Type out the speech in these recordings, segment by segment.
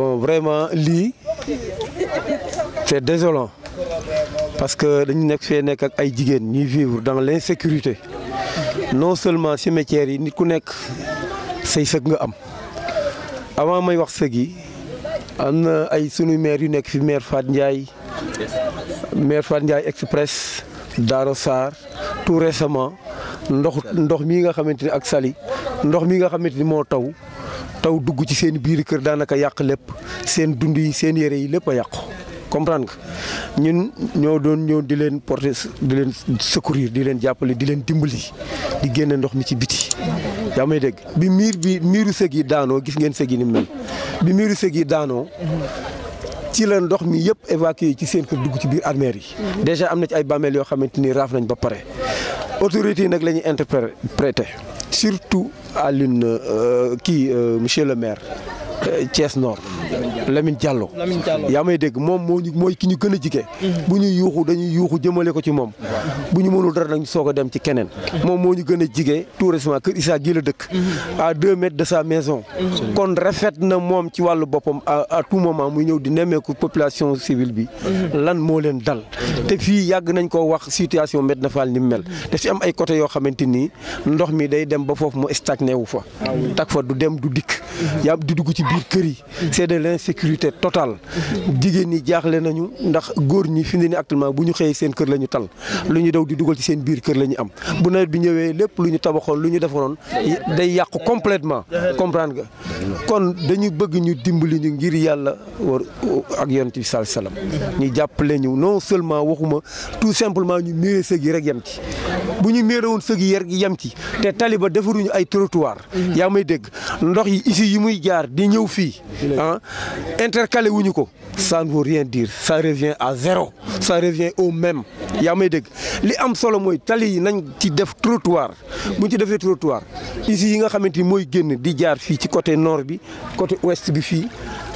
bon vraiment li c'est désolant parce que dañu nekk fee nekk ak ay jigéen ñuy vivre dans l'insécurité non seulement cimetières yi ni ku nekk say sëg nga am avant may wax sëg yi am na ay sunu maire yu nekk fi maire Fat Fat express d'Arossar, tout récemment ndox ndox mii nga xamante ni ak nous ndox mii nga xamante ni moo taw taw dugg ci seen biir kër daanaka yàq lépp seen dund yi seen yére yi lépp a yàqu comprendre nga ñun ñoo doon ñëw di leen porter di leen secourir di leen jàppale di leen dimbali di génne ndox mi ci biti. yaa may dégg bi miir bi miiru sëg yi daanoo gis ngeen sëg yi ni mel bi miiru sëg yi daanoo. ci la ndox mi yëpp évacué ci seen kër dugg ci biir armère yi. déjà am na ci ay bàmmeel yoo xamante ni raaf nañ ba pare autorités yi nag lañuy ñuy interprété. surtout à l'une, euh, qui, euh, monsieur le maire, Euh, Thiès Nord Lamine Diallo yaa may dégg moom moo mooy ki ñu gën a jige mhm. bu ñuy yuuxu dañuy yuuxu jëmale ko ci moom bu ñu mënul dara nag ñu soog a dem ci keneen mhm. moom moo ñu gën a jige tout récemment kër Issa gii la dëkk a mhm. deux mètres de sa maison kon rafet na moom ci wàllu boppam à tout moment muy ñëw di nemmeeku population civile bi lan moo leen dal te fii yàgg nañ ko wax situation Medina Fall ni mel daf am ay côté yoo xamante nii ndox mi day dem ba foofu mu stagné wu fa ah tak fa du biir kër yi c'est de l'insécurité totale jigéen ni jaaxle nañu ndax góor ñi fi mu actuellement bu ñu xëyee seen kër la tal lu ñu daw di dugal ci seen biir kër la ñu am bu nawet bi ñëwee lépp lu ñu tabaxoon lu ñu defaroon day yàqu complètement comprendre nga kon dañu bëgg ñu dimbali ñu ngir yàlla war ak yonent bi sallallahu alayhi wasallam ñu jàppale ñu non seulement waxuma tout simplement ñu méré gi rek yem ci buñu un ci te taliba ay trottoir dégg ndox yi ici yi muy jaar di ñëw ah, intercalé wuñu ko ça ne veut rien dire ça revient à zéro ça revient au même Les may dégg li am solo tali nañ ci def trottoir buñ ci trottoir ici yi nga moy génn di jaar ci côté nord bi côté ouest bi fi,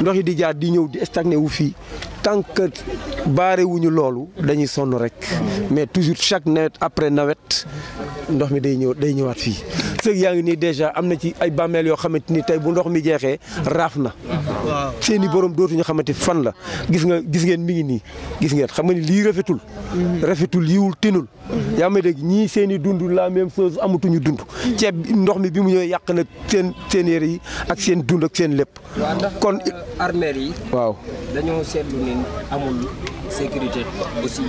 ndox yi di tant que baare wuñu loolu dañuy sonn rek mais toujours chaque nawet après nawet ndox mi day ñëw day ñëwaat fii sëg yaa ngi nii déjà am na ci ay bàmmeel yoo xamante ni tey bu ndox mi jeexee raaf na seeni borom dootuñu xamante fan la gis nga gis ngeen mi ngi nii gis ngeen xam nga ni rafetul mm-hmm. rafetul yiwul tinul mm-hmm. yaa ñii seen i dund la même chose amatuñu dund mm-hmm. ceeb ndox mi bi mu ñëwee yàq na seen seen yére yi ak seen dund ak seen lépp kon euh, armeel yi waaw dañoo seetlu amul sécurité aussi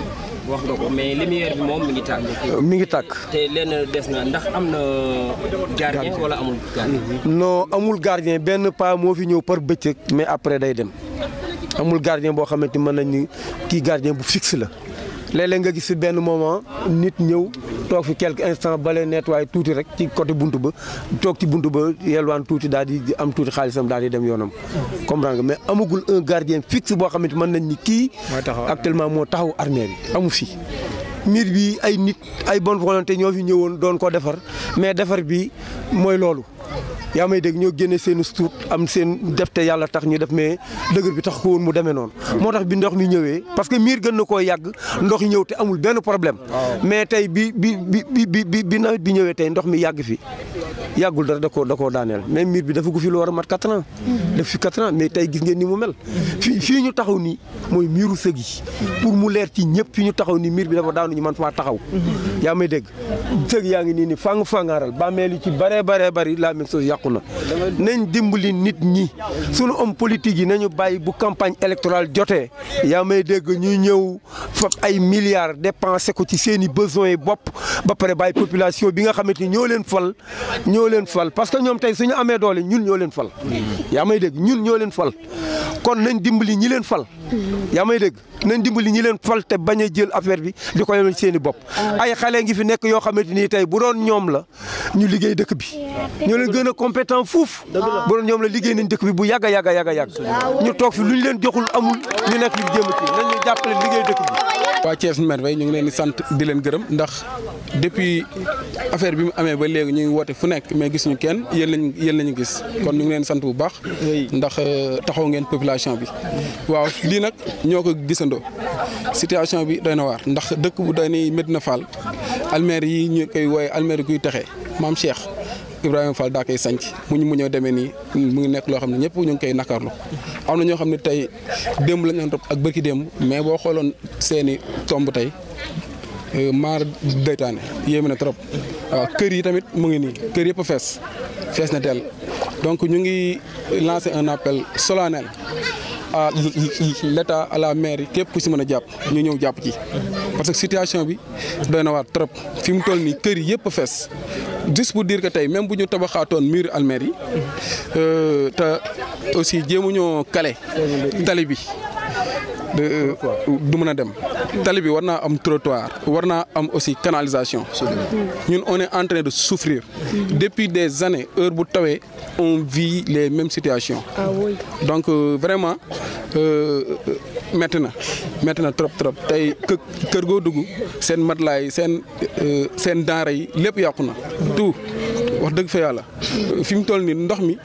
wax nga ko mais lumière bi moom mi ngi tàkk. mi ngi takk te lenn des na ndax am na. gardien wala amul gardien. Mm-hmm. non amul gardien benn pas moo fi ñëw par bëccëg mais après day dem amul gardien boo xamante mën nañu kii gardien bu fixe la. léeg nga gis fi benn moment nit ñëw toog fi quelque instant bale nettoyé tuuti rek ci côté buntu ba toog ci buntu ba yelwaan tuuti daal di am tuuti xaalisam daal di dem yoonam. comme nga mais amagul un gardien fixe boo xamante mën nañ ni kii. actuellement moo taxaw armée bi amu fi. miir bi ay nit ay bonne te ñoo fi ñëwoon doon ko defar mais defar bi mooy loolu. yaa may dégg ñoo génne seen stuut am seen defte yàlla tax ñu def mais dëgër bi tax ko woon mu demee noonu moo tax bi ndox mi ñëwee parce que miir gën na koo yàgg ndox ñëw te amul benn problème mais tey bi bi bi bi bi bi nawet bi ñëwee tey ndox mi yàgg fi yàggul dara da koo da koo daaneel mais miir bi dafa gu fi lu war a mat quatre def fi quatre ans mais tey gis ngeen ni mu mel. fii ñu taxaw nii mooy miiru sëg yi. pour mu leer ci ñëpp fi ñu taxaw ni miir bi dafa daanu ñu mën faa taxaw. yaa may dégg sëg yaa ngi nii nii fang fangaaral bàmmeel yi ci baree baree bari la même chose yàqu na. nañ dimbali nit ñi sunu homme politique yi nañu bàyyi bu campagne électorale jotee yaa may dégg ñu ñëw fab ay milliards dépensé ko ci seen i besoins yi bopp ba pare bàyyi population bi nga xamante ni ñoo leen fal. ñoo leen fal parce que ñoom tey suñu amee doole ñun ñoo leen fal yaa may dégg ñun ñoo leen fal kon nañ dimbali ñi leen fal yaa may dégg nañ dimbali ñi leen fal te bañ a jël affaire bi di ko yemal seen i bopp ay xale ngi fi nekk yoo xamante ni tey bu doon ñoom la ñu liggéey dëkk bi ñoo leen gën a compétent fuuf bu doon ñoom la liggéey nañ dëkk bi bu yàgg a yàgg a yàgg ñu toog fi lu ñu leen joxul amul ñu nekk ñu jéem a ci nañ ñu jàppale liggéey dëkk bi waa Thiès Merveille ñu ngi leen di sant di leen gërëm ndax depuis affaire bi mu amee ba léegi ñuy woote fu nekk mais gisuñu kenn yéen lañ yéen lañu gis kon ñu ngi leen sant bu baax ndax euh, taxaw ngeen population bi waaw lii nag ñoo ko gisandoo situation bi doy na waar ndax dëkk bu doy ni Medina Fall almeer yi ñu koy wooye almeer yi kuy texe maam Cheikh Ibrahima Fall daa koy sanc mu ñu mu ñëw demee nii mu ngi nekk loo xam ne ñëpp ñu ngi koy nakarlu am na ñoo xam ne tey démb lañu doon ak bërki démb mais boo xooloon seeni tomb tey euh, maar daytaane yéeme na trop waaw kër yi tamit mu ngi nii kër yëpp a fees fees na dell donc ñu ngi lancé un appel solennel à l'état à la mairie képp ku si mën a jàpp ñu ñëw jàpp ci parce que situation bi doy na waar trop fi mu toll nii kër yëpp a fees juste pour dire que tey même bu ñu tabaxaatoon mur almeer yi euh, aussi jéemuñoo calé tali bi euh, du mën a dem tali bi am trottoir warna am aussi canalisation ñun on est en train de souffrir depuis des années heure bu tawé on vit les mêmes situations ah donc euh, vraiment euh, metti na metti na trop trop tay kër go dugg sen matlaay sen seen denrée yi lepp yakuna tout wax dëgg fa yàlla fi mu toll nii ndox mi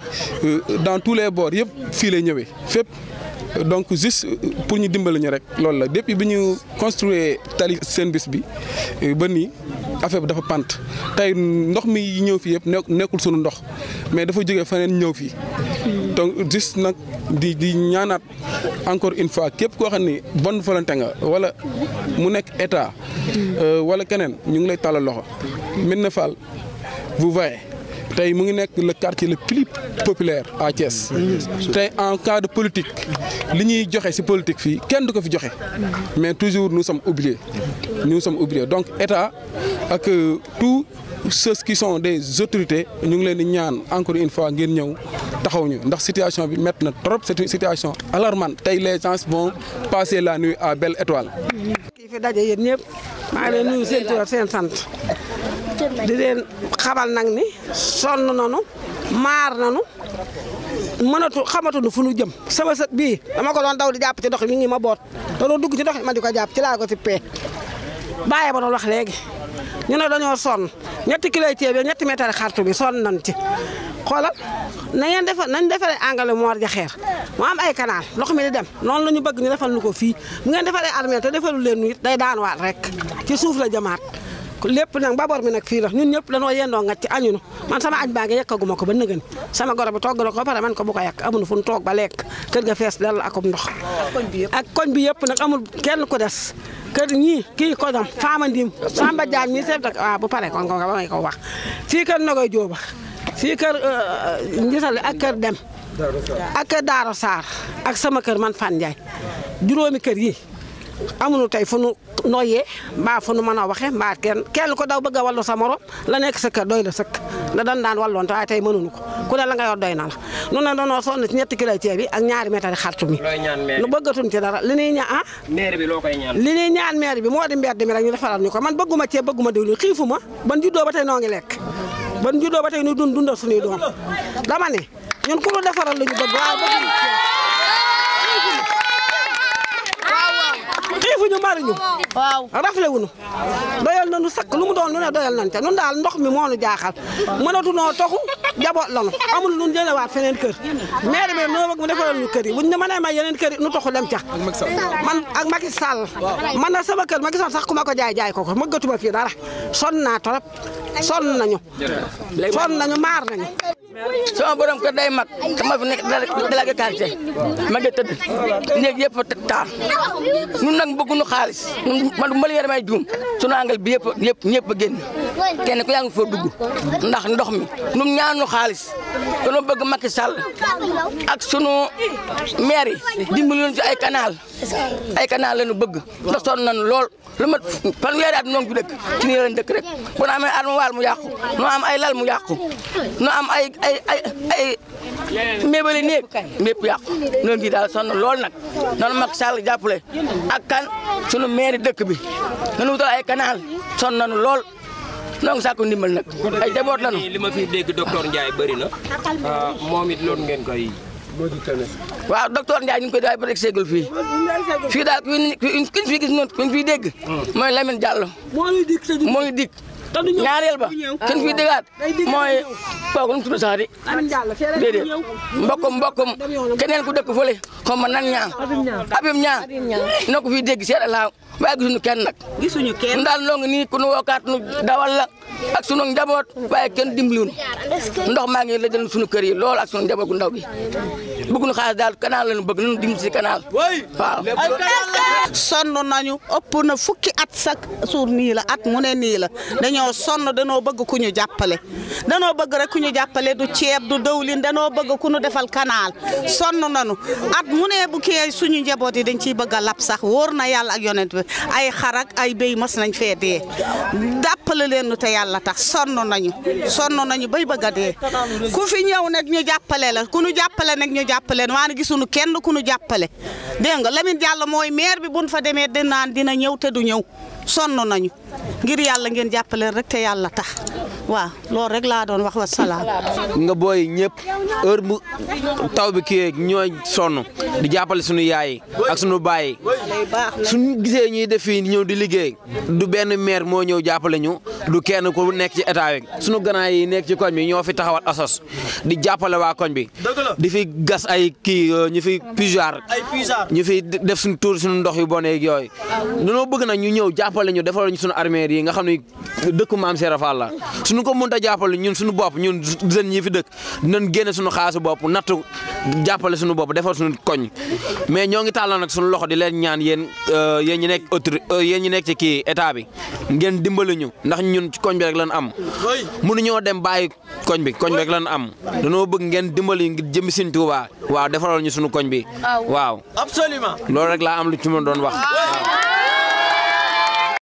euh, dans tous les bords yëpp fii lay ñëwee fépp. donc juste euh, pour ñu dimbali ñu rek loolu la depuis bi ñu construire tali seen bis bi euh, ba nii affaire bi dafa pant tey ndox mi ñëw fii yëpp nekkul sunu ndox mais dafa jógee feneen ñëw fii. donc juste nag di di ñaanaat encore une fois képp koo xam ni bonne volonté nga wala mu nekk état. wala keneen ñu ngi lay tàllal loxo. na Fall vous voyez. Tay mu le quartier le plus populaire à Thiès. Tay en cas de politique li ñuy joxé ci politique mais toujours nous sommes oubliés nous sommes oubliés donc état ak euh, tout. ceux qui sont des autorités nous les lignons, encore une fois ngeen ñew taxaw ñu ndax situation bi trop c'est une situation alarmante les gens vont passer la nuit à Belle Étoile. maa ngi leen nuyu seen tur seen sant di leen xamal nag ni sonn nanu maar nanu mënatu xamatunu fu nu jëm sama sët bii dama ko doon daw di jàpp ci ndox mi ngi ma boot da doon dugg ci ndox ma di ko jàpp ci laa ko si pee bàyyi ma doon wax léegi ñu ne dañoo sonn ñetti kilo ceeb yi ñetti meetar xartu bi sonn nan ci xoolal na ngeen defal nañ defaree engrais moor jaxeer mu am ay canal ndox mi di dem noonu la ñu bëgg ñu defal lu ko fii bu ngeen defaree armée te defalu leen nit day daanuwaat rek ci suuf la jamaat lépp nag babor mi nag fii la ñun ñëpp danoo yendoo nga ci añunu man sama añ baa ngi yekkaguma ko ba nëgën sama goro bi togg na ko pare man ko bu ko yàq amul fu nu toog ba lekk kër ga fees dal akum ndox ak koñ bi yëpp nag amul kenn ko des kër ñii kii kodam faama ndim Samba Diagne mi seet waaw bu pare kon ko ba may ko wax fii kër na koy jóoba fii kër Ngisali euh, euh, ak kër Dem ak kër Daaro Sarr ak sama kër man Fane Ndiaye juróomi kër yi amuñu tey fu nu noyyee mbaa fu nu mën a waxee mbaa kenn kenn ko daw bëgg a wallu sa morom la nekk sa kër doy la sëkk da dan daan walloon te waaye tey mënuñu ko ku ne la nga yor doy na la nu ne doonoo sonn ci ñetti kilo ceeb ak ñaari métari xartu mi nu bëggatuñ ci dara li nuy ñaan ah bi loo koy ñaan moo di mbedd mi rek ñu defaral ñu ko man bëgguma ceeb bëgguma diwlin xiifu ma ban juddoo ba tey noo ngi lekk ban juddoo ba tey ñu dund dundal suñuy doom dama ne ñun ku ñu defaral la ñu bëgg waaw bëgg xiifuñu mariñu waaw rafle wuñu doyal nañu sakk lu mu doon lu ne doyal nan te nun daal ndox mi moo nu jaaxal mënatu noo toxu njaboot lanu amul lu jëlewaat feneen kër maire bi noo bëgg mu defal ñu kër yi buñ ne mënee may yeneen kër yi nu toxu dem ca man ak Macky Sall man na sama kër Macky Sall sax ku ma ko jaay jaay ko ko ma gëtuma fii dara son naa torop son nañu son nañu maar nañu sama borom kër day mag dama fi nekk délégué quartier ma ngi yëpp taar ñun nag bëgguñu xaalis man du ma leen may juum sunu angal bi yëpp yëpp ñëpp a génn kenn ku yaa ngi fa dugg ndax ndox mi ñun ñaanu xaalis dañoo bëgg Macky Sall ak sunu maire yi dimbali leen ci ay kanaal ay canal lañu bëgg ndax son nañu lool lu mat fanweeri at noo ngi dëkk ci nii lañ dëkk rek bu ñu amee armoire mu yàqu noo am ay lal mu yàqu noo am ay ay ay ay mébali néeg mépp yàqu noo ngi daal sonn lool nag noonu Macky Sall jàppale ak kan sunu maire dëkk bi nañu wutal ay canal sonn nañu lool noo ngi sàkku ndimbal nag ay jaboot lanu li ma fi dégg docteur Ndiaye bëri na ah, moom it loolu ngeen koy waaw docteur Ndiaye ñu ngi koy daay ba seegul fii fii daal kuñ fi gis noonu kuñ fi dégg mooy Lamine Diallo moo ñu ñaareel ba kenn fi déggaat mooy kooku nu mu tudd sax di déedéet mbokkum mbokkum keneen ku dëkk fële xaw ma nan ñaa abim ñaa na fi dégg seet alaaw waaye gisuñu kenn nag. gisuñu kenn ndaal noo ni nii ku nu wookaat nu ak sunu njaboot waaye kenn dimbaliwul ndox maa ngi la jël suñu kër yi lool ak sunu njaboot gu ndaw gi bëgguñu xaalis daal canal lañu bëgg nañu dimbali si canal. waaw. sonn nañu ëpp na fukki at sak suur nii la at mu ne nii la dañoo sonn danoo bëgg ku ñu jàppale danoo bëgg rek ku ñu jàppale du ceeb du dawlin danoo bëgg ku ñu defal canal sonn nañu at mu ne bu kii suñu njaboot yi dañ ciy bëgg a lab sax wóor na yàlla ak yonent bi ay xarak ay béy mas nañ fee dee jàppale leen nu te yàlla tax sonn nañu sonn nañu bay bëgg a dee ku fi ñëw nag ñu jàppale la ku ñu jàppale nag ñu jàppale maanaam gisuñu kenn ku nu jàppale dégg nga Lamine jàll mooy maire bi buñ fa demee naan dina ñëw te du ñëw sonn nañu ngir yàlla ngeen jàppale rek te yàlla tax waa lool rek laa doon wax wa salaam. nga booy ñëpp heure bu taw bi kii ñooy sonn di jàppale suñu yaay ak sunu baay suñu gisee ñuy def fii ñëw di liggéey du benn maire moo ñëw jàppale ñu. du kenn ku nekk ci état yi sunu gana yi nekk ci koñ bi ñoo fi taxawal asos di jàppale waa koñ bi di fi gas ay kii euh, ñu fi pujar ñu fi def suñu tuur suñu ndox yu bon yeeg yooyu dañoo bëgg nag ñu ñëw jàppale ñu defal ñu suñu armée yi nga xam ne dëkku maam Serap Fall la suñu ko mënut a jàppale ñun suñu bopp ñun jeunes yi fi dëkk dinañ génne suñu xaasu bopp nattu jàppale suñu bopp defal suñu koñ mais ñoo ngi tàllal nag suñu loxo di leen ñaan yéen euh, yéen ñu nekk autorité euh, yéen ñu nekk ci kii état bi ngeen dimbali ñu ñun ci koñ bi rek lan am mënuñoo dem bàyyi koñ bi koñ bi rek lan am dañoo bëgg ngeen dimbali ngir jëm Sëñ Tuubaa waaw defaral ñu suñu koñ bi waaw absolument loolu rek laa am lu ci mën doon wax